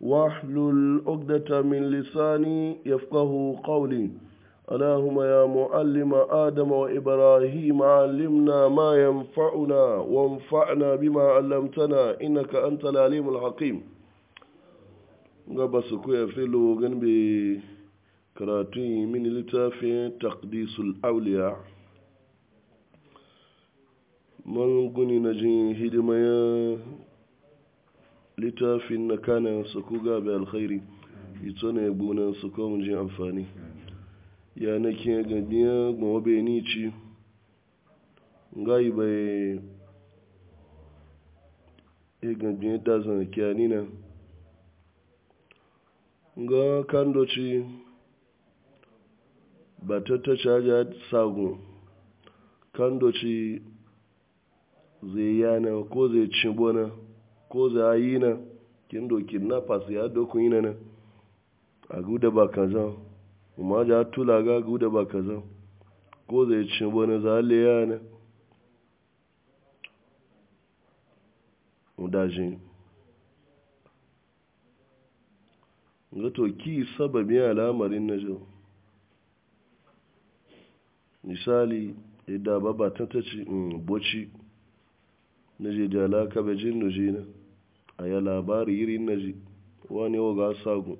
واحلل عقدة من لساني يفقه قولي اللهم يا معلم آدم وإبراهيم علمنا ما ينفعنا وانفعنا بما علمتنا إنك أنت العليم الحكيم غبس كويا فيلو جنبي كراتي من لتافي تقديس الأولياء من قني نجي هدميا littafin na kanan su ku gabe alkhairi ito ne bunan su kawo jin amfani ya na kiyan ya gbawa bai ni ci ngayi bai ya e, e gandiya ta zana kiyani na ga kandoci ba ta ta caja sagun kandoci zai yana ko zai ci bona ko za a yi na kin doki na fasu ya dokun yi na na a guda ba kaza ma ja tula ga guda ba kaza ko zai ci wani za a leya na mudajin ga to saba sababi al'amarin na jau misali idan babatan ta ci mm, boci na je da alaka bajin nujina Aya ya labari iri na ji wani yau ga sagu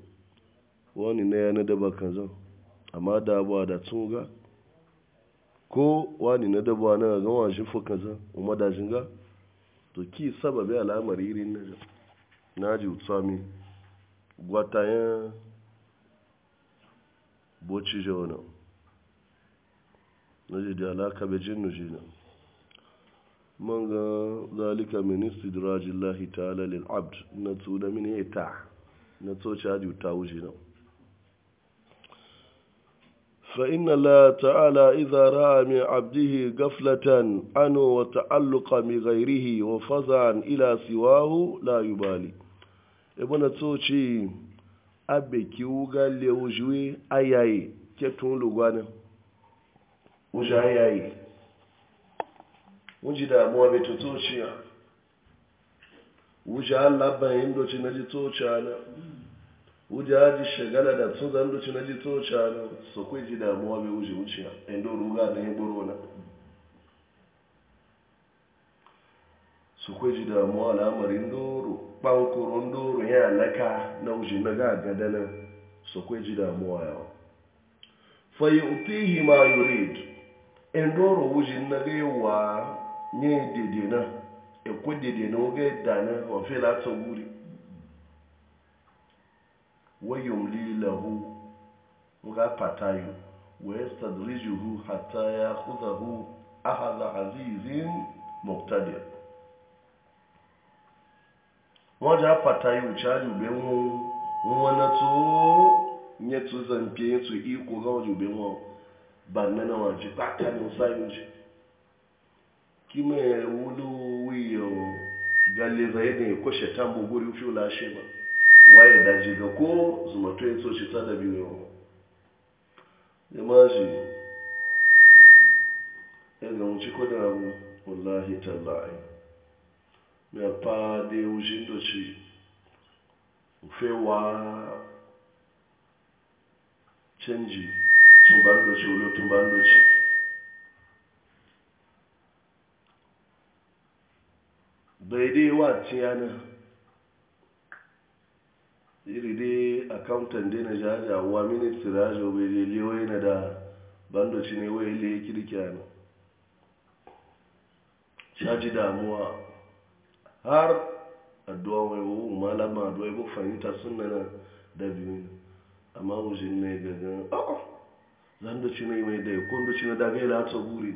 wani na yana daba kaza amma da abuwa da tun ga ko wani na daba na ga wani shi fuka kaza kuma da shi ga to ki sababi al'amari iri na ji na ji utsami gwata ya boci jawo na na ji da alaka bejin nujina man ga zalika ministi dirajin lahi ta'ala lil abd na tsu da mini ya ta na tso caji ta wuce nan فإن الله تعالى إذا رأى من عبده غفلة عنه وتعلق بغيره وفزعا إلى سواه لا يبالي ابن توشي أبي كيوغا ليوجوي أياي كتون لغانا مش أياي wuji damuwa bai ta tociya wuji allah bayan doci na ji tociya na wuji ji shagala da tun zan doci na ji tociya na su kai ji damuwa bai wuji wuciya indo ruga na yi buru na su kai ji al'amarin doro ya alaka na wuji na su ji yawa na gaiwa nye dede na ekwe dede na oge da na wafe latsa guri wayum lilahu ga patayu wa yastadrijuhu hatta ya khudahu ahaza azizin muqtadir wọ́n já pàtàkì ìṣáájú bẹ́ wọn wọn na tó yẹn tó zàǹpẹ̀ yẹn tó ikú gáwọn jù wọn bàmẹ́nà wọn jí pátá ní ọ̀sáyé kima wulu wiyo galle zai ne ko shaitan buguri fi lashe ba waye daji jiga ko zuma to yaso shi ta da biyo jama'i daga mu ci ko da mu wallahi tallahi me pa de ujin do ci fe wa canji tun ban do ci wulu tun ban dai wacce yana iri dai accountant dai na jaja wa ministry rajo bai dai lewai na da bandoci ne wai le kirkiya ne shaji damuwa har addu'a mai wuwu malama addu'a ya fahimta sunna na da biyu amma wujin ne gagan a'a oh, zandoci ne mai dai ya kundoci na daga ila ta buri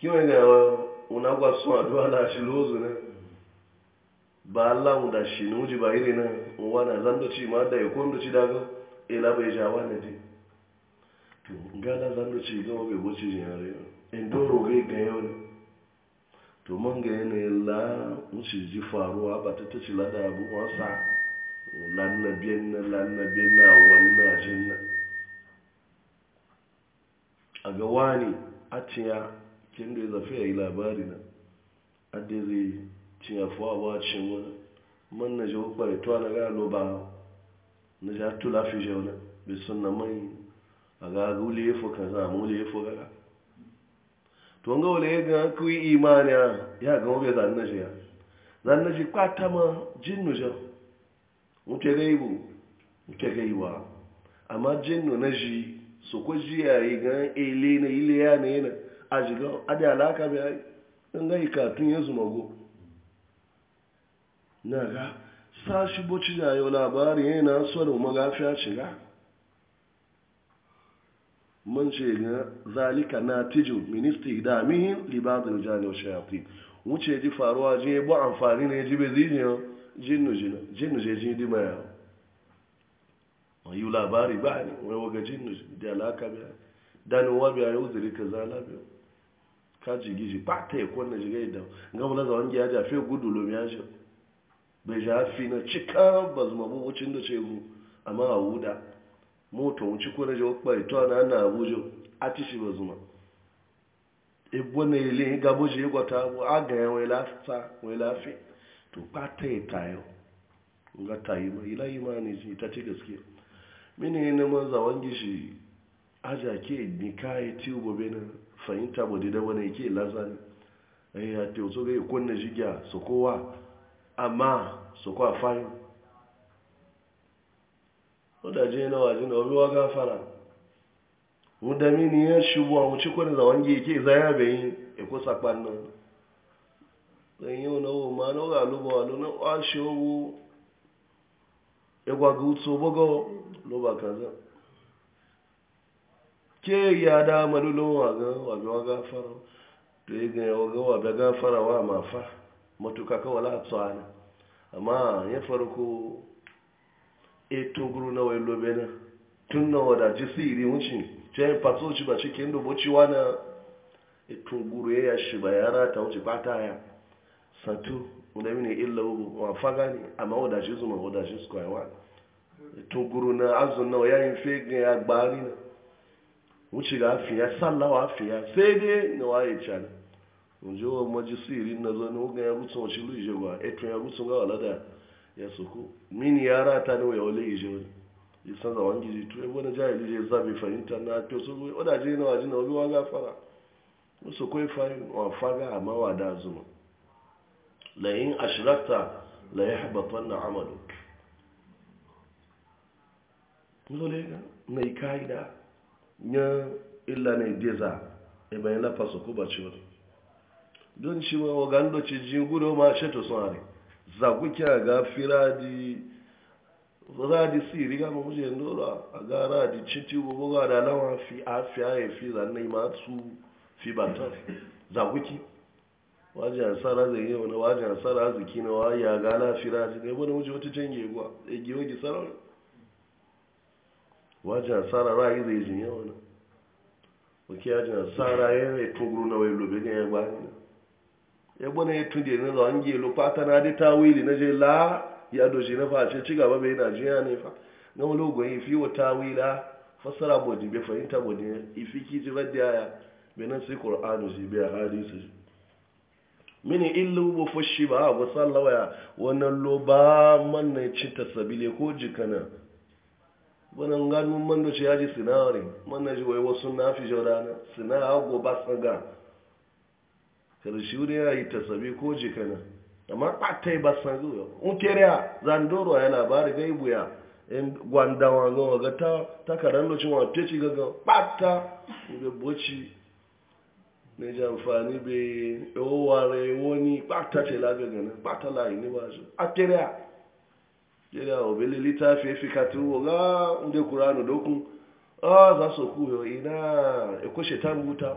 kiwai ga una kwa sun aduwa na shi lozu na ba Allah mu da shi nuji ba iri na uwa na zando ci ma da yakon da ci daga e ila bai jawa na e ji to gala zando ci ga wabe boci jin yare in doro ga ga yau to man ga yana yalla mushi ji faruwa ba ta ta ci lada abu wasa lanna biyan na lanna biyan na wannan jinna a ga wani a tiya kin da zafi ya yi labari na adiri cin ya fuwa ba cin wani man na jiwo kwarituwa na ga loba na ja tula fi jau na bai na mai a ga gule ya fuka za mu le ya fuka ga to ga wale ya ga kuyi imani ya ga wabe zan na ya zan na ji kwata ma jin nu jau mutu ibu mutu ga iwa amma jin nu na ji su ji ya ị ga ele na ile ya ị na. a shiga adi alaka bai in gai katun ya zuma go na aga sa shi boci da yau labari yana so da magafiya shiga man ce ga zalika na tiju ministi da mihin libadar jani shayafi wuce ji faruwa ji bu amfani ne ji bai ziniyar jinnu jina jinnu je jini di mai yau yi labari ba ne wai waga jinnu da alaka bai danuwa bai yau zirika zala bai ji gizi ba ta yi kwanan jiga idan gama na gyaji a jafe gudu lomi ya ce bai fi na cika ba zuma bubucin da ce gu amma a wuda Moto wuce kwanan jiga kwa ito na ana abuja a ci shi ba zuma ibo na ile ga boje ya ta abu a ga ya wai lafa wai lafi to ba ta yi tayo ga ta yi ma ila yi ma ne ji ta ci gaske mini ne ma zawon gishi a jake ni kayi tiwo bobena fahimta ba da wani yake lazari eh, ya te so ga kunna jigya so kowa amma so kwa fayin oda je na waje na obi wa gafara mudami ni ya shubu a wuce kwanan za wange yake za ya bayi e ko sakpan nan dan yau na ma na ga lubo alu na wa showo e gwa gutso bogo ke ya da malulun waga waga waga fara to yi ga waga waga gafara wa mafa matuka kawala a ana. amma ya farko eto guru na wai lobe na tun na wada ji iri wucin can fato ci ba cikin dubu ciwa na eto guru ya ya shi ba ya rata wuce ba ta ya santu wanda mini illa ubu wa faga ne amma wada ji zuma wada ji square one eto guru na azun na ya ya gbari na wuce ga afiya sallawa afiya sai dai na waye can nje wa irin na zo ne wuga ya gutsun shi lu ije ba etu eh, ya gutsun ga walada ya soko min ya rata ne ya wale ije ya san zawon gizi to ya wani jahili je zabe fahimta na to so go wada je na waje na obi wa gafara musu koi fari wa faga amma mawa da zuma la in ashrakta la yahbatanna amaluk ga nai kaida nye illa na ideza ebe ila faso ko ba ciwo don ci wa gando ci ji guro ma sheto sonare za ku kya ga firadi radi si ma muje ndoro a ga radi citi bo ga da lawa fi afiya e fi zanne ma su fi bata za ku ki waje asara zai yi wani waje asara ziki na wa ya ga la firadi na bo da muje wata canje gwa e giwo gi wajen asara ra'ayi zai jin yawa na wake asara ya yi tunguru na wai lobe ne ya gbani ya gbani ya tunde na zuwa hangi lo fata na dai tawili na je la ya doji na face ci gaba bai na jiya ne fa na wani ogun yi fi wa tawila fasara bodin bai fahimta bodin ifi ki ji radda ya bai nan sai qur'anu ji bai hadisi mini illu bo fushi ba a wa sallawa wannan lo ba man ne ci tasabile ko jikana bana ganu man da shi yaji sinari man na ji wasu na fi jaurana sina hago ba saga karshe ya yi tasabi ko jikana amma ɓatai ba saga yau in kere a zandoro ya labari ga ibu ya in gwandawa ga waga ta takarar lokacin wata ci gaga ɓata ga boci na ji amfani bai yawoware wani ɓata ce lagaga ɓata layi ne ba shi a kere ya. jeda obele littafi ya fi katuwo ga inda kuranu dokun a ah, za su kuyo ina ya kushe ta buta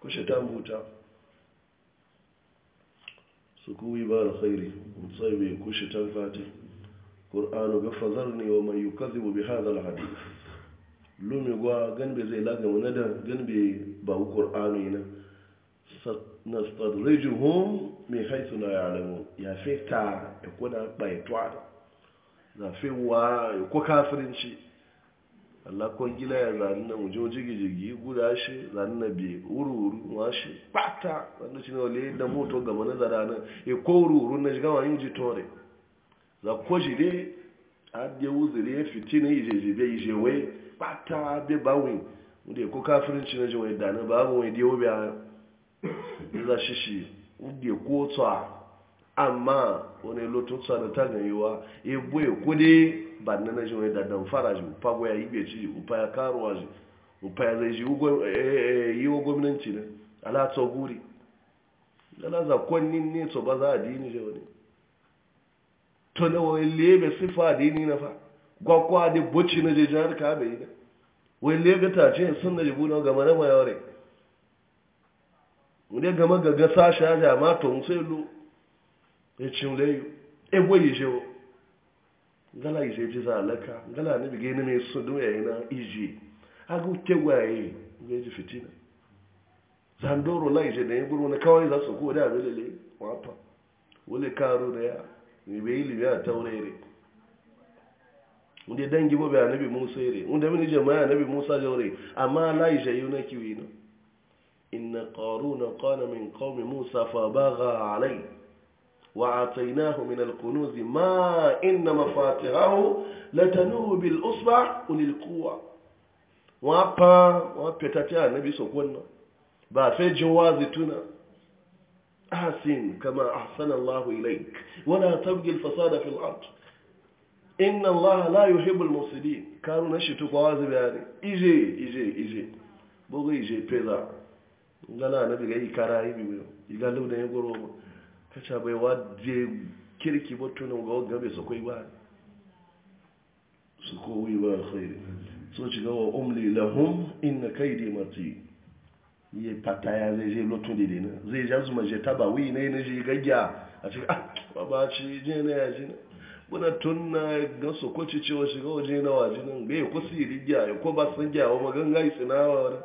kushe ta buta su kuwi ba da khairi mutsai mai kushe ta fati ƙur'anu ga fazarni wa mai yukazibu bi hadal hadith lumi gwa ganbe zai lagama na da ganbe ba ƙur'anu yana nastadrijuhum mai haisu na yalamu ya fi ta ya kuna baitwa na fi wa ya kwa kafirinci Allah kon gila ya zani na mujo jigi-jigi guda shi zani na bi wuri wuru wa shi bata wanda shi ne wale da moto gaba na zara na ya ko wuri wuri na shiga wani ji tore za ko shi dai adiyar wuzuri ya fiti na ije-jibe ije-we bata bai bawin wanda ya ko ci na jiwa ya dana babu wani diyo biya za shi shi da kotsa amma wani lototsa da ta ganewa ya boye kudi ba na na shi wani daddan fara shi upa ya yi beci ji upa ya karuwa ji upa ya zai shi yi wa gwamnanci ne ala tsoguri dala za kwannin ne to ba za a dini shi wani to na wani lebe sifa dini na fa gwakwa da bocci na jejjar ka bai yi na wani lebe ta ce sun na jibu na gama na ya mayawar wule gama gaga sashi aja ma to nse lo e chinle yo e bo ije o ngala ije ji alaka ngala ne bige ne me so do ya ina ije aga uche wa eji nge fitina zandoro la ije ne buru ne kawai za su ko da belele wapa wule karo na ya ni be ili ya taurere unde dangi bo be anabi musa ire unde mini anịbi anabi musa jore amma la ije yuna kiwino إن قارون قال من قوم موسى فباغى عليه وعطيناه من الكنوز ما إن مفاتحه لتنوه بالأصبع أولي القوة وابا وابتتتي النبي سكونا بافي جواز تنا أحسن كما أحسن الله إليك ولا تبقي الفساد في الأرض إن الله لا يحب المفسدين كانوا نشتوا قواز يعني إجي إجي إجي بغي إجي بيضا ngana na daga yi kara yi biyu iga lu da goro ba ca bai wa je kirki botu na ga gabe su koi ba su kowai ba sai so ci gawa umli lahum kai da mati ye ya zai je lotu da dina zai ja zuma je taba wi ne ne je gagya a ci ah, ba ba ci je ne ya ji na buna na ga su ko ci shiga waje na waje nan bai kusi rigya ko ba san gyawa yi tsinawa wani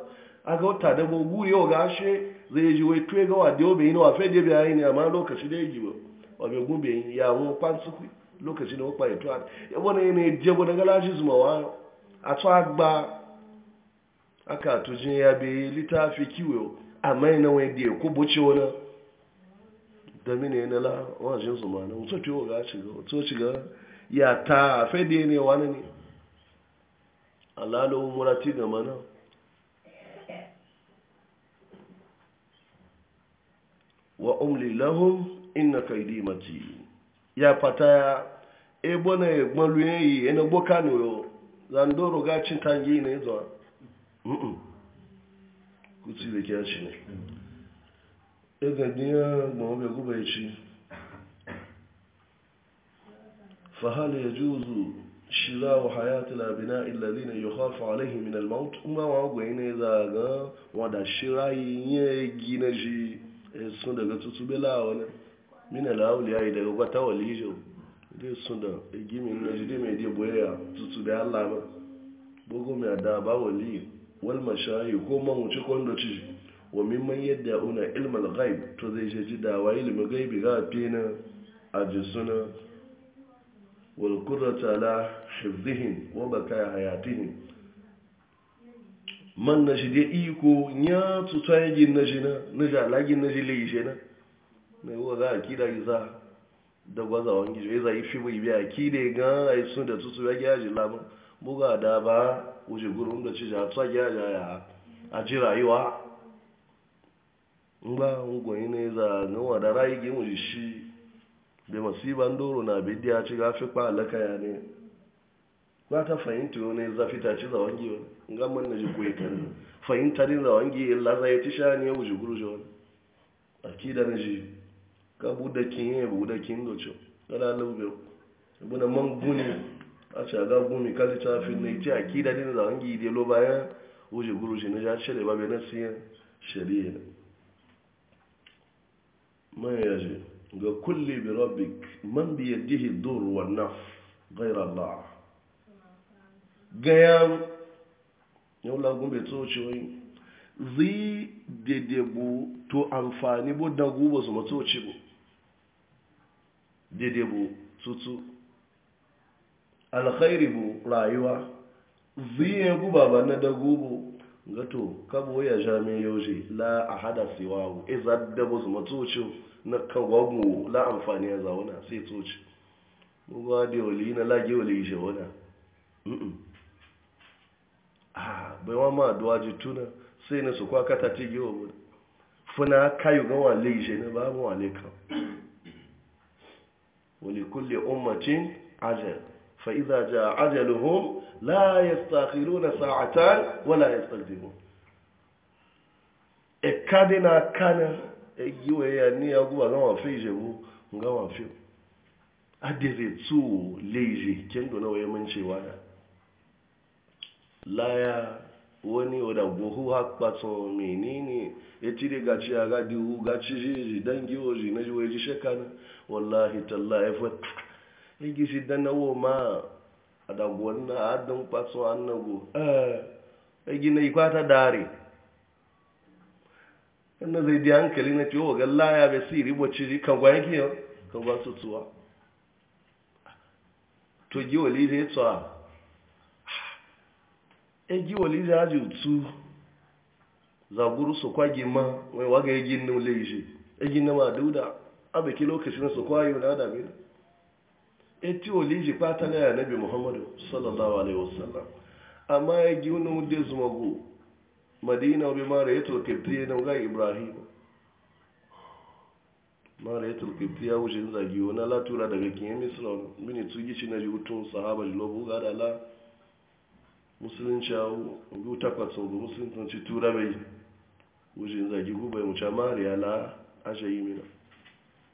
aga wata da gogu yau gashe zai ji wai tuwe ga wadi obe yi na wafe da biya yi ne amma lokaci da ya ji ba wabe gube yi ya mu kwanci ku lokaci da wakpa ya tuwa ya na yi ne jebo daga lashi zuma wa a tuwa gba aka tujin ya bi littafi kiwo amma yi na wai da ya kubo ce wani da mini yi na la wajen zuma na wato tuwo ga shiga wato shiga ya taa fe da ya e ne wani ne alalo murati ga mana wa umli lahum inna kaidi matin ya pataya. ya e ebo na egbalu eyi ena gboka ni o zandoro ga chitangi ne zo mm kuti le kya chi ne ega dia e, mo be ku be chi fa hal yajuzu shira'u hayati al-abna'i alladhina yukhafu alayhim min al-maut ma wa gwe ne za ga wa da shira'i ye ginaji Eh, sun daga tutu bela wani mina lauli ya yi daga gwata walijo dai sun da eh, gimin na jide mai dai boyaya tutu da allah ba bugu mai da ba wali walma shayi ko mawuci kwando ci wa mimman yadda una ilmal ghaib to zai je ji da wa ilmi gaibi ga fina a jisuna wal la hifzihim wa baka hayatihim man na shi dai iko ya tuta ya na shi na na na shi lai na na yi za a da yi za da gwaza wani ya zai fi mai biya ki da ga a yi sun da tutu ya gyaji lamun buga da ba wuce gurin da ci ja ya a ji rayuwa ngba ngwani ne za na wa da rayu gin wuce shi da masiban doro na bidiya ci gafi kwa alaka ya ne ba ta fahimta ci za nga man na jikwe kan fahimta din za wangi la za ti shani ya wuji guru jawon akida na ji ka buda kin ye buda kin do cho kala lubbe buna man guni a ce ga gumi kalli ta fi ne ti akida din za wangi de lo baya wuji guru ji na ja shele ba na siya shari'a man ya ji ga kulli bi rabbik man bi yadihi dur wa naf ghayra allah gayam yau lagun gumbe tsoci wani zi dedebu to amfani bu da gubo su matsoci bu dedebu tutu alkhairi bu rayuwa ya guba ba na da gubo ka kabo ya jami yaushe la a hada siwawu e da bu su matsoci na kawagu la amfani ya zauna sai tsoci guba da wali na lage wali shi wana mm a ah, bai wa ma duwa ji tuna sai na su kwa kata ti giwa wani funa kayu ga wale ishe na ba mu wale kan wali kulle ummatin ajal fa idza jaa ya la na sa'atan wala yastaqdimun e na kana e giwe ya ni ya ga wa fe je mu ga wa fe adere tu kendo na waye mun cewa na laya wani wadda gohu haka tun menene ya cire gaci a gadi hu gaci jiji dangi oji na ji waje shekana wallahi talla ya fa igi shi dan nawo ma a dagon na adon kwatsun annago eh igi na ikwata dare wannan zai di hankali na ciwo ga laya bai siri bocci kan gwaye ke kan gwa tutuwa to gi wali zai tsawa Eji egi walizi aji utu zaguru sokwa kwagi ma wai waga egi nnu leji egi na ma duda abeki lokacin su kwayo na adami eti oliji pata na ya nabi muhammadu sallallahu alaihi wasallam amma egi nnu de zumago madina obi mara ya tulkipti na ga ibrahim mara ya tulkipti ya wuce zagi wani latura daga kiyan misra mini tugi shi na ji hutun sahaba jilobu ga da la musulun awu ngu takwas ngu musulunci tura bai wujin zagi gubai mu chamari ala ashe yi mina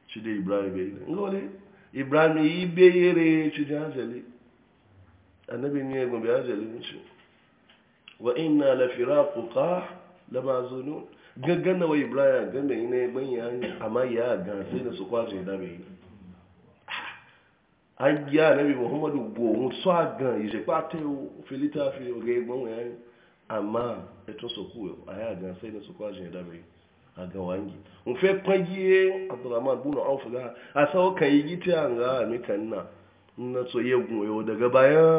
ci da ibrahim bai ne ngole ibrahim yi bayere ci da ajali annabi ne gun bai ajali mun ci wa inna la firaquka la mazunun gaggana wa ibrahim gaggana ne ban ya amma ya ga da su kwaje da bai agia nabi muhammadu go ohun tó àgàn ìṣẹ̀pá tẹ́ o filita fi ọ̀gẹ́ ẹgbọ́n wọn yẹn àmà ẹ̀tọ́ sọ̀kú ẹ̀ ayé àgàn sẹ́yìn sọ̀kú a dábẹ́ àgàn wà ń yìí n fẹ́ pọ́n kan a ń ra àmì kan náà na so daga bayan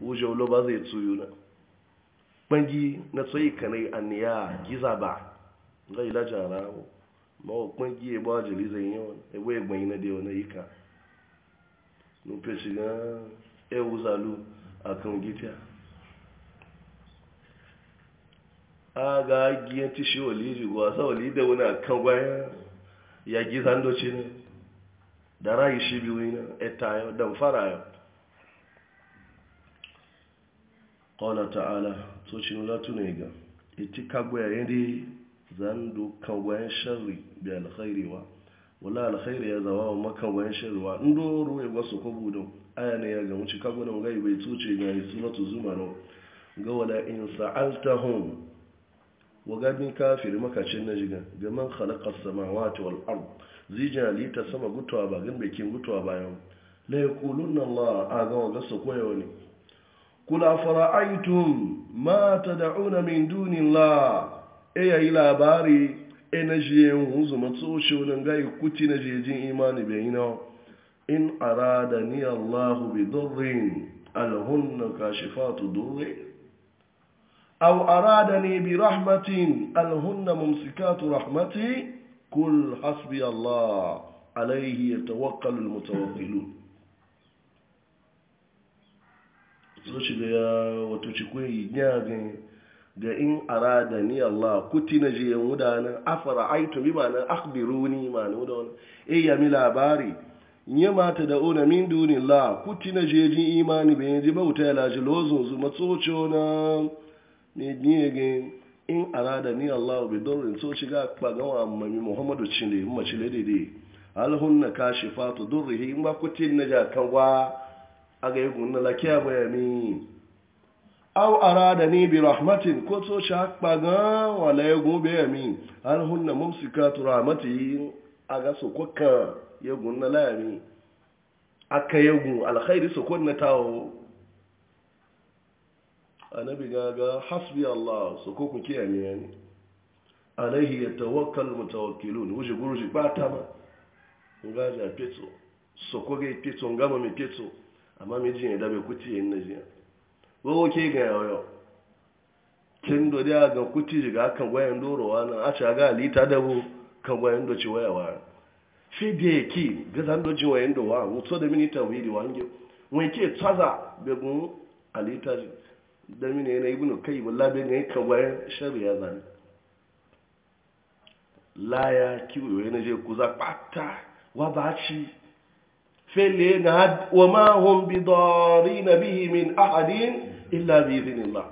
wúṣẹ́ olóba zai tuyo na pọ́n yí na so kan giza ba na nufe shiga ewu zalu a kan gita a ga giyan ci shi waliji wasa walida wani ya giza ndoci na da rayu shi biyu na etayo don fara ya. ƙwala ta'ala so shi nula tuna ga iti kagwaya yadda zan do sharri bayan shari da alkhairiwa wala alkhairi ya zawa wa makawayin shirwa ndo ruwa ya su ko budo. aya ne ya gamu kagunan gai bai tuce ga yi sunatu no ga wala in sa'altahum wa gadin kafir makacin na jiga ga man khalaqa samawati wal ard zijali ta sama gutuwa ba gan bikin gutuwa bayan la yaqulunna allah aga wa ga su ne kula fara'aytum ma tad'una min dunillah eya eh, labari energy yin huzu matso shi wurin gai kuti na jejin imani bai yi nawa in arada ni allahu bi dorin alhunna kashifatu au a arada ni bi rahmatin alhunna mumsikatu rahmati kul hasbi allah alaihi yatawakkalu tawakkalul so shi da ya wato cikin yi ga in arada ni Allah kuti na je yan wudanan afara aitu bi ma'anar akhbiruni ma'ana wudanan e ya mi labari nye mata da ona min duni la kuti na je jin imani be ji bauta la laji lozun zu matsocho na ne ni ge in arada ni Allah bi dorin so shiga ga wa mami Muhammadu chile mu chile dede alhunna kashifatu durrihi in ba kuti na ja kan wa aga yi gunna kiya bayani aw arada ni bi rahmatin ko so cha kpaga wala yegun be mi an hunna mumsikatu rahmati aga so kokka yegun na la mi aka yegun alkhairi so kon na tawo annabi gaga hasbi allah so ko kun kiyami yani alaihi yatawakkal mutawakkilun wuje guruji bata ma ngaja peto so ko ge peto ngama mi peto amma mi jin da be kuti yin na jiya woke ga yoyo kin do a ga kuti ga kan wayan dorowa na a ta ga lita da bu kan wayan do wayawa fi de ki ga zan do ji wayan do wa mutso da mini tawhidi wange wai ke tsaza be gun alita da mini ne ibnu kai wallahi ne kan wayan shari'a zan laya kiwo yana je kuza pata wa ba ci fele na wa ma hum bi darina bihi min ahadin illa bi idhnillah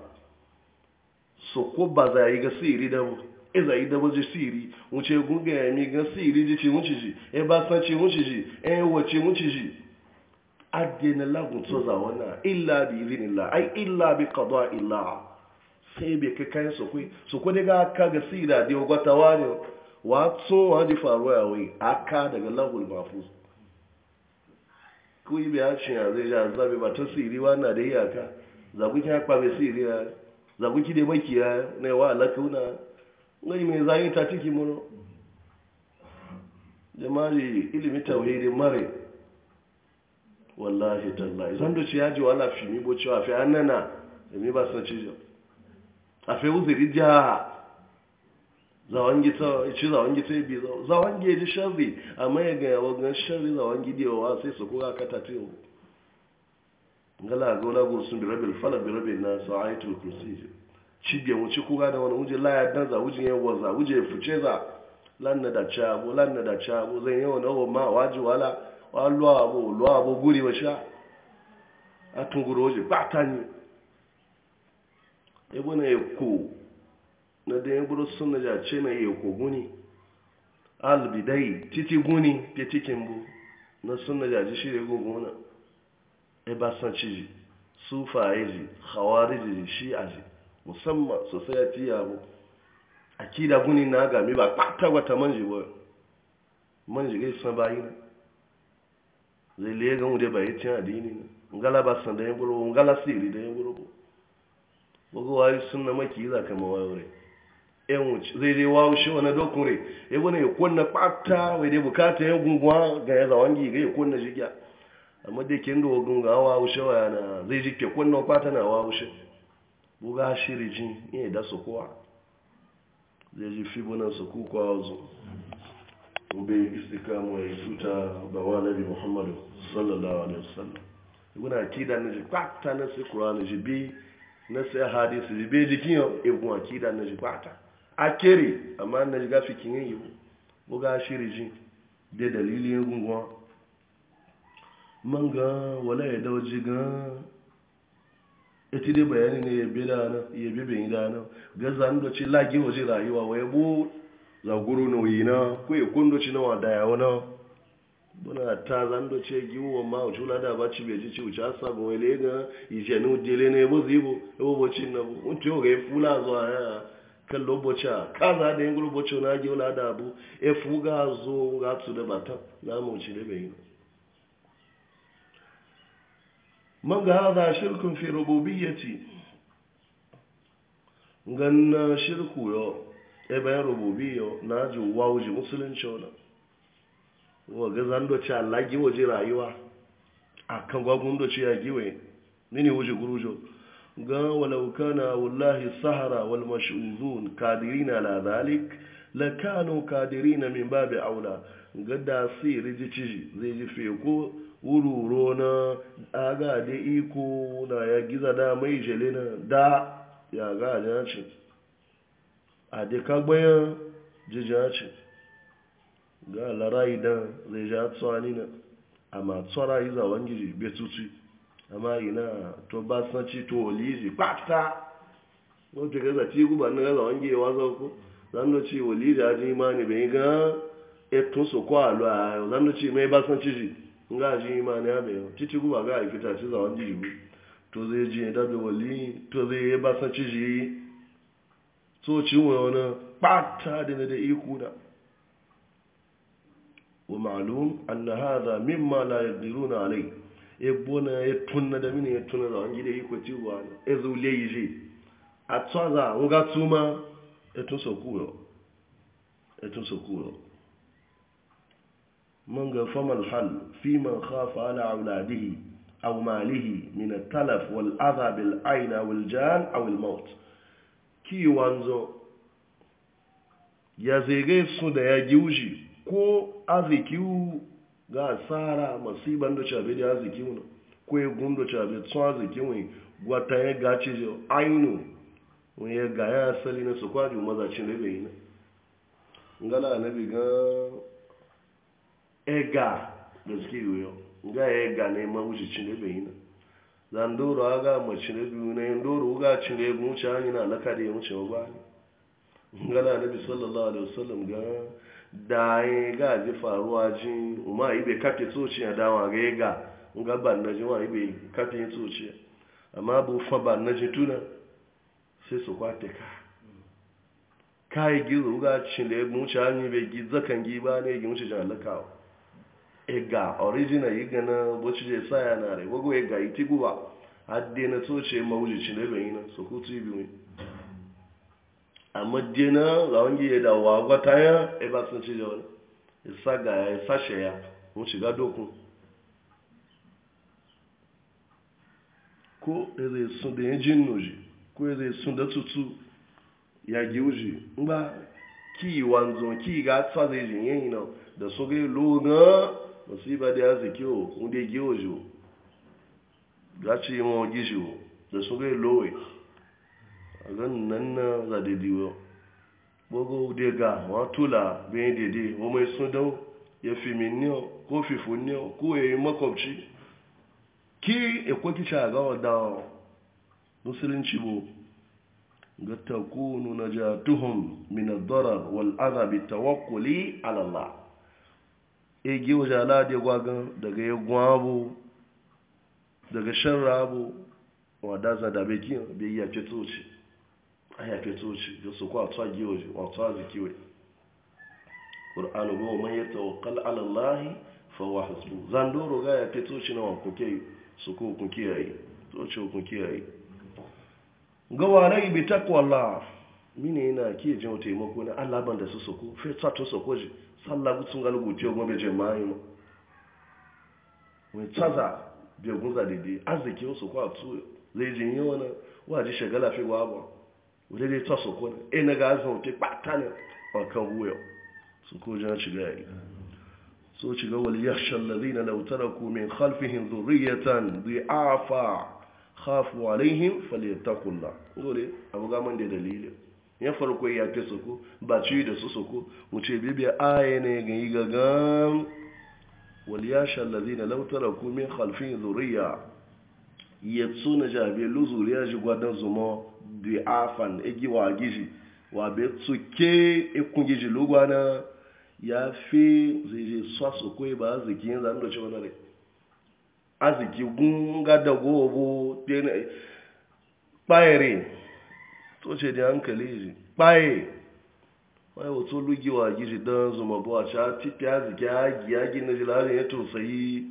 so ko ba za yi ga siri da mu e yi da zai siri mu ce gunga mi ga siri di ci mu ji e ba san ci mu ji e wa lagun za bi illa sai bai kai su kai su ko daga aka ga da wa di faruwa wai aka daga lagun mahfuz kuyi bi hacin ya zai ja zabe ba ta siri wa na da iyaka ku ki hakpa be siri ya zagu ki de makiya ya ne wa alakauna ngai me zai ta tiki muno? jama'i ilimi tauhidin mare wallahi tallahi zan doci ya ji wala fi mi bo cewa fi annana da mi ba san cijo a uzuri jaha zawangi ta ci zawangi ta bi zawangi ji sharri amma ya ga wagan sharri zawangi da yawa sai su kura ka ta tiyo ngala ga wala gun sun bi rabbil fala bi rabbil nas ayatul kursi ci bi mu ci kura da wani wuje la ya dan za wuje ya waza wuje fice za lan na da cha bo lan na da cha bo zan yawa na ma waji wala walwa bo lwa bo guri wa sha a atunguro je batani ebona eko na da ya buru suna jace na iya ko guni albidai titi guni ke cikin bu na suna jace shi da gugu e ebasanci ji ciji sufaye ji ji shi a ji musamman sosai ya bu kida guni na gami ba kwata-kwata manji ba manji gai san bayi na zai liye ga wude bayi cin adini na ngala ba san da ya ngala siri da ya bu gugu wari sun na maki za ka kama yau rai yan wuce zai zai wawo shi wani dokunre ya wani ya kunna kwata wai dai bukata ya gunguwa ga ya zawon giga ya kunna jigya amma dai kin ga gunga awa shi wa yana zai jike kunna kwata na wawo shi buga shiri jin iya da su kowa zai ji fi bunan su ku kwa wazo bai istika mai tuta ba wa nabi muhammadu sallallahu alaihi wasallam ibn akida na ji kwata na sai qur'ani ji bi na sai hadisi ji bi jikin ibn akida na ji kwata akere amma na shiga fikin yin yiwu buga shiri ji da dalilin gungun man ga wala ya dauji ga ita dai bayani ne ya bi da nan ya bi bin da nan ga zan da ci lagi waje rayuwa waye bu zaguru no yi na ko ya kundo ci na wada ya wana buna ta zan da ci giwo ma o jula da ba ci be ji ci uci asa go le ga yi je no dele ne bo zibo bo bo na bo un ci o ga fula zo ya kallo bocha kaza da yangul bocho na ge wala da abụ e fuga azụ ga tu bata na mu ci da bai man ga hada shirkun fi rububiyyati ganna shirku yo e bayan rububiyyo na ji wawuji musulunci wala wa ga zan do ci Allah gi waje rayuwa akan gwagun do ci ya giwe mini wuje ga walau kana wallahi sahara wal mash'uzun kadirina la zalik la kanu kadirina min babi aula ga da si riji zai ji feko wururo na aga da iko na ya giza da mai jelena da ya ga jaci a de kagbaya jijaci ga larai da zai ja tsani na amma tsara yi zawon gidi tutu. amma ina to ba san ci to olizi pata wọ́n ti kẹsà tí gúbà náà lọ ń yé wá sọ́kú lánàtí olizi ají máa ní bẹ̀yìn gan ẹ̀tún sọ̀kọ́ àlọ́ ààrẹ lánàtí mẹ́ bá san títì ńlá ají máa ní abẹ̀yàn títí gúbà gáà ìfìtà sí làwọn jì yìí tó lè jí ẹ̀dá bẹ̀ wọ̀lí tó san tó ci wọn ومعلوم أن هذا مما لا يقدرون عليه ya ebona ya tunna da mini ya tunna da wangi da yi ko wa na ezo le yi je a tsaza nga tuma etun so kuro etun so kuro man ga famal hal fi man khafa ala auladihi aw malihi min at-talaf wal adha aina ayn wal jan aw al maut ki wanzo ya zege su da ya giuji ko azikiu ga asara masiban da cabe da arziki wani ko ya gundo cabe tsun arziki wani gwata ya gace jo ainu wani ya ga ya asali na su kwaji mazacin da bai na ngala na bi ga ega da suke yoyo ga ega na ma wuce cin da bai na ndoro aga mace da biyu na ndoro doro ga cin da ya gunce na alaka da ya wuce wa ba ne ngala na bi sallallahu alaihi wasallam ga da ya ga ji faruwa ji umar ibe kafe tsociya dawa ga ya ga nga banna ji wa ibe kafe tsociya amma bu fa banna ji tuna sai su kwate ka kai gizo ga cin da ya muce hanyi bai gi zakan gi ba ne gi muce jalaka ega original yi gana bocci je saya na rai wago ega iti guba adde na tsoce mawuji cin da bai yi na so kutu ibi amma dina za wangi ya da wagwa ta ya e ba sun ci da wani isa ga ya isa shaya mun shiga dokun ko eze sun da yajin noji ko eze sun da tutu ya gi uji ba ki yi wanzo ki ga tsa zai jin yayi na da so ga loga musiba da yazi kiwo o, da gi uji ga ci mo gishi da so ga lowe zan nan na za daidai wa gbogbo de ga wọn tula bayan daidai o mai sun dau ya fi min ko fifo niyo ko ya yi makwabci ki ekwa sha ga musulunci bo ga ta kunu na ja tuhun wal adha bi tawakkuli ala Allah e gi wajala gwagan daga ya gwabo daga za da be ki ya ce tsoci aya fe tsoci da su kwa tsa giyoji wa tsa zikiwe ƙur'anu gowa man ya tawakkal alallahi fa wa hasbu zan doro ga ya fe tsoci na wankoke su ko hukun kiyaye tsoci hukun kiyaye gawa rai bi takwallah mini yana ke jin taimako na Allah ban da su soko fe tsato soko ji sallah gutsun galguce kuma bai je mai mu mai tsaza bai gunza dide arziki su kwa tsu zai jin yi wani ji shagala fi gwabon wuri dai ta so e ina ga azan ta kwata ne a kan wuyo su ko jan shiga ya so shiga wali yakhsha alladhina law taraku min khalfihim dhurriyatan dhi'afa khafu alaihim falyattaqullah dole abu ga man da dalili ya farko ya fi soko ba ci da su soko mu ce bibiya aya ne ga yi gagan wal yakhsha alladhina law taraku min khalfihim dhurriya yatsuna jabe luzuriya jigwadan zumo di afan egi wa gizi wa be tsuke ikun gishi lugwana ya fi zai swaso kwe ba arziki yin zanen da cewa na rai gun gunga da gobo na kpayere to ce da hankali shi kpaye wai wato lugi wa gishi don zuma bo a ca titi arziki hagi hagi na jilarin ya tausayi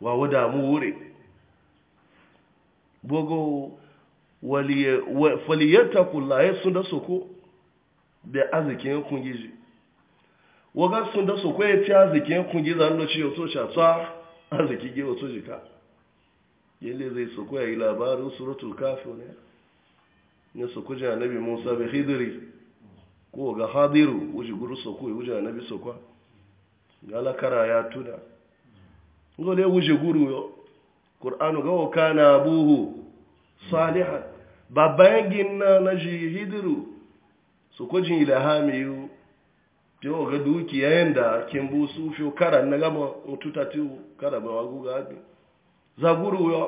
wa wada mu wuri bogo faliyata kula ya sun da soko da arzikin kungiji waga sun da soko ya fi arzikin kungi zanen ci yato shata arziki ge wato jika yadda zai soko ya yi labarin suratul kafin. ne na soko jina musa bai hidiri ko ga hadiru wuce guru soko ya wuce nabi soko ya tuna ngole wuce guru yau ƙur'anu wa kana buhu salihan babban gina na shi hidiru su kujin ilhami fi yau ga dukiya yadda kin bu su fi kara na gama tuta tiwu kara mai wagu ga abin zaguru ya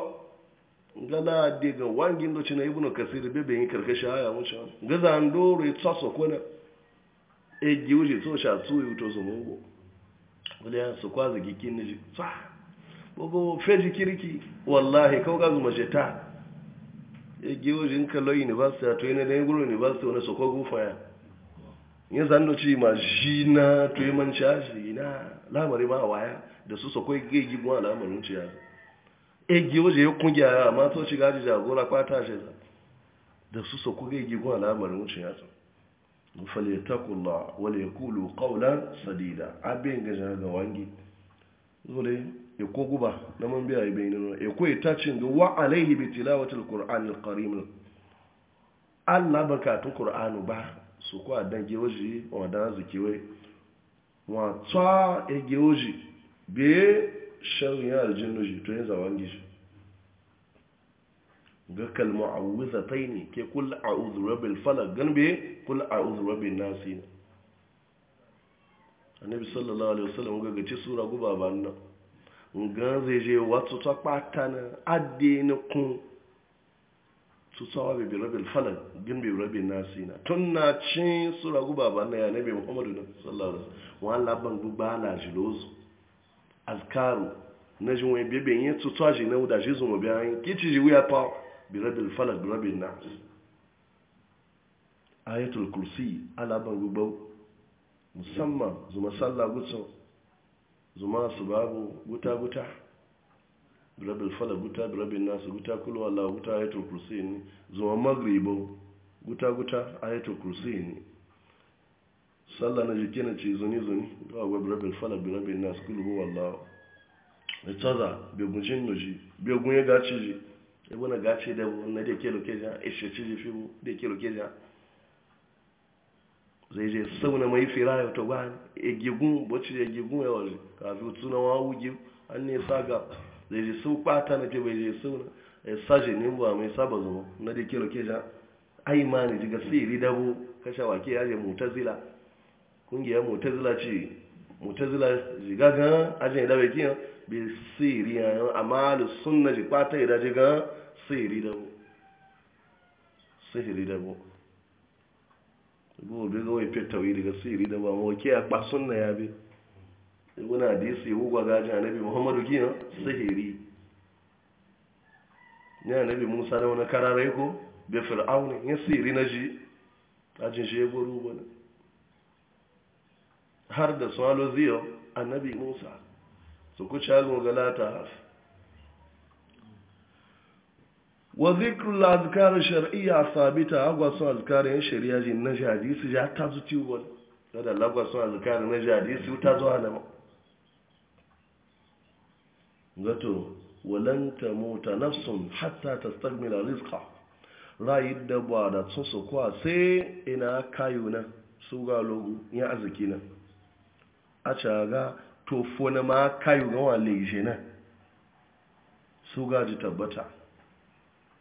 gana daga wangin doci na ibnu kasir bebe yin karkashi haya wuce ga zandoro ya tsaso kone e, e giwuce so sha tsoyi wuto e su mugu wadda ya su kwazi gikin niji tsa bogo feji kirki wallahi kawo gazu mace ta ya giyo jin kalo university to yana dan guru university wani soko gufa ya yin zando ci ma jina to yi man caji na lamari ma waya da su soko ya yi gwa lamarin ciya ya e giyo je kungiya ya ma to ci gaji jagora kwata ce da su soko ya yi gwa lamarin ci ya falyatakula wale kulu kaunar sadida abin gajar da wangi zule ya ko guba na man biya bai nuna ya ko ta cin ga wa alaihi bi tilawatil qur'an al Allah baka tun qur'anu ba su ko dan geoji wa da zikiwe wa tsa e geoji be shari'a ji to yanzu wangi shi ga kal mu'awwizataini ke kul a'udhu rabbil falaq ganbe kul a'udhu rabbin nas annabi sallallahu alaihi wasallam ga gace sura guba ba nan nga zai je wasu tsakwata na adde na kun su tsawa bai bi gin bai rabin nasi na tun na cin su ragu baba na ya nabi muhammadu na sallallahu alaihi wasallam wani laban gugba na jilozu azkaru na ji wani bebe yin tutuwa ji na wuda jizu mu bayan kici ji wuya fa bi rabin falak bi rabin nasi ayatul kursi alaban gugba musamman zuma sallah zuma su babu guta-guta birabin fada guta birabin nasu guta kulwa Allah guta ayatul kursi ne zuma magribo guta-guta ayatul kursi ne sallah na jike na ce zuni-zuni ba wa birabin fala birabin nasu kulwa Allah da tsaza begun shi noji begun ya gace ji ebe na gace da na da ke lokeja ishe ci ji fi da ke lokeja zai je na mai fira ya to ba egigun bocci egigun ya waje kafin tuna wa wuge an ne ga zai je sau kwata na ke bai je sauna ya sashe ne buwa mai saba zuwa na da kiro ke ja ai ma ne sai ri dabo kasha wake ya je mutazila kungiyar mutazila ce mutazila jiga ga ajin da bai kiyan bi siri ya amma da na ji kwata ya da jiga sai ri dabo gobe ga wai fetta wuri daga siri da ba ke a kpasun na ya bi ibn hadisi hugwa gajin annabi muhammadu gina sihiri ne annabi musa da wani kararai ko bai fir'auni yin siri na ji ajin shi ya gwaru wani. har da swalo a annabi musa su kuce agon galata hafi wa zikrul azkar shar'iyya sabita agwa sun azkar yin na jadi su ta su ci wani kada lagwa sun azkar na jadi su ta zo ana ma gato walan tamuta da ba da sai ina kayuna su ga logu ya arziki a caga tofo na ma kayu ga wale ishe na su tabbata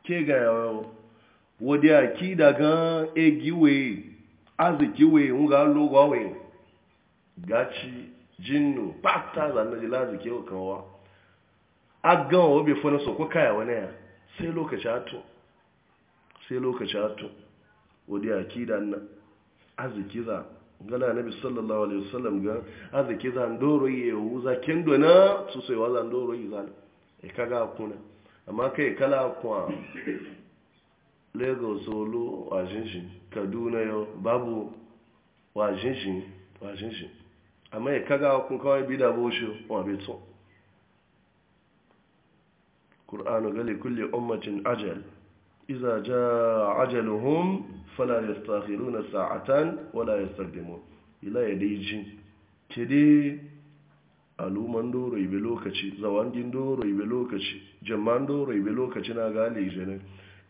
ke ga yawo wodi aki daga egiwe azikiwe nga lo we gachi jinnu pata za na jila azike kanwa agan obi fona so ko kaya wani ya sai lokaci ato sai lokaci ato wodi aki da na azike za gana nabi sallallahu alaihi wasallam ga azike za ndoro yewu za kendo na su sai wa za ndoro yi za e kaga kuna amma kai kala kwa lagos olu wajinshi kaduna yau babu wajinshi wajinshi amma ya kaga kun kawai bida boshi wa bai so ƙur'anu gali kulle ummatin ajal iza ja ajaluhum fala na sa'atan wala mu ila ke dai aluman doro ibe lokaci zawangin doro ibe lokaci jamman doro ibe lokaci na ga lejinin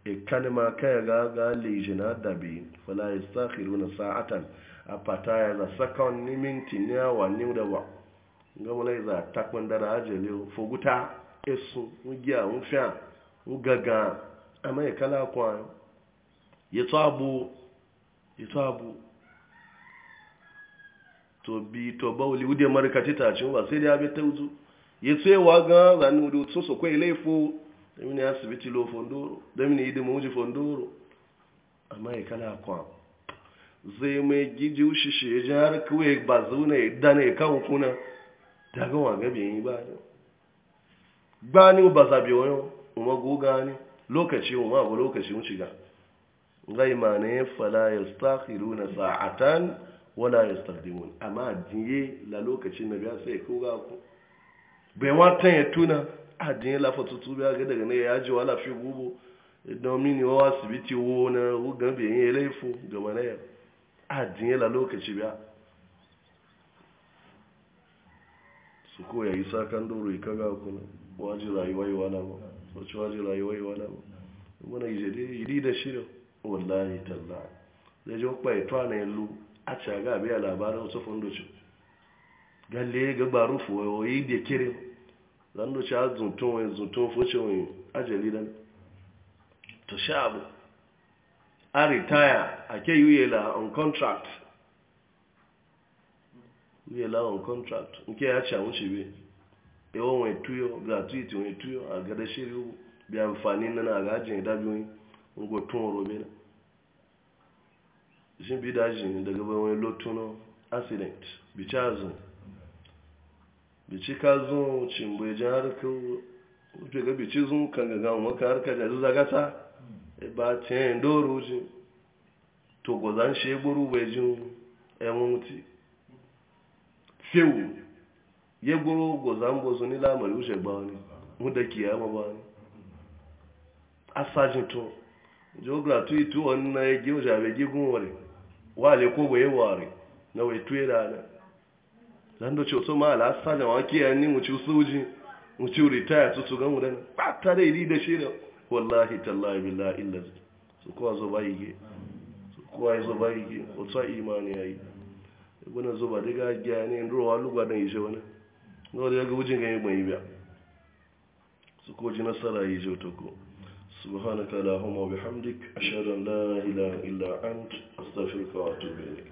ikani e ma kai ga ga lejina da bi wala na sa'atan a fata ya za sakon ni minti wa ni da ba ga ya za dara ajiyar yau foguta esu ugiya unfa ugaga amma ya kala kwa ya tabu ya tabu to bi to bauli wude markati ta cin ba sai da ya bi ta wuzu ya tsewa ga zan wudu so so kai laifo da mini asibiti lo fondoro da yi idi muji fondoro amma ya kala kwa zai mai giji ushi shi ya jihar kawai ba zaune ya dane kan kuna daga wa gabe yi ba ne gbani ba zabe wayo kuma goga ne lokaci wa ma lokaci mun shiga gai ma ne fala yastakhiru na sa'atan wala yastaqdimun amma jiye la lokacin na biya sai ko ga ku bai watan ya tuna a jiye la fatutu biya ga daga ne ya ji wala fi gubo domini wa asibiti wo na ga bi yin laifu ga mana ya a jiye la lokaci biya su ko ya isa kan doro ya kaga kuna waji rayuwa wala ba wacce waji rayuwa yi wala ba wani yi da shirin wallahi tallahi zai ji wakpa ya tana yin lu a ci ga a labarin wasu fundoci galle ga ba rufu wayoyi da kirin zan doci a zuntun wani zuntun fuce wani ajali dan to sha abu a retire a ke yi on contract yi on contract nke ya ci a wuce bi yawon wani tuyo gratuity wani tuyo a gada shiri bi amfani na na gajin idabi wani ngotun robe na jimbida ne daga bawai lotuno accident bici azun bici ka zun cimbe jan harka wuce ga bici zun kan gaga maka harka da zuza gata e ba tiyan doro ji to gozan shi gburu bai jin ẹwọn ti ye gburu gozan bozo ni lamari wuce gbawo wani mu da kiyama ba to ya gi wuce gi gun wale ko boye ware na wai tuye da na zan da ce so ma ala sa da wake ya ni muci suji muci retire su su gamu da na ba ta da idi da shi da wallahi tallahi billahi illa su kowa zo ba ke? su kowa zo ba ke? wata imani yayi ibuna zo ba daga gya ne ruwa lugwa yi yije wani ga da ga wujin ga mai biya su ko ji nasara yije to ko subhanaka allahumma wa bihamdik ashhadu an la ilaha illa anta استغفرك واتوب اليك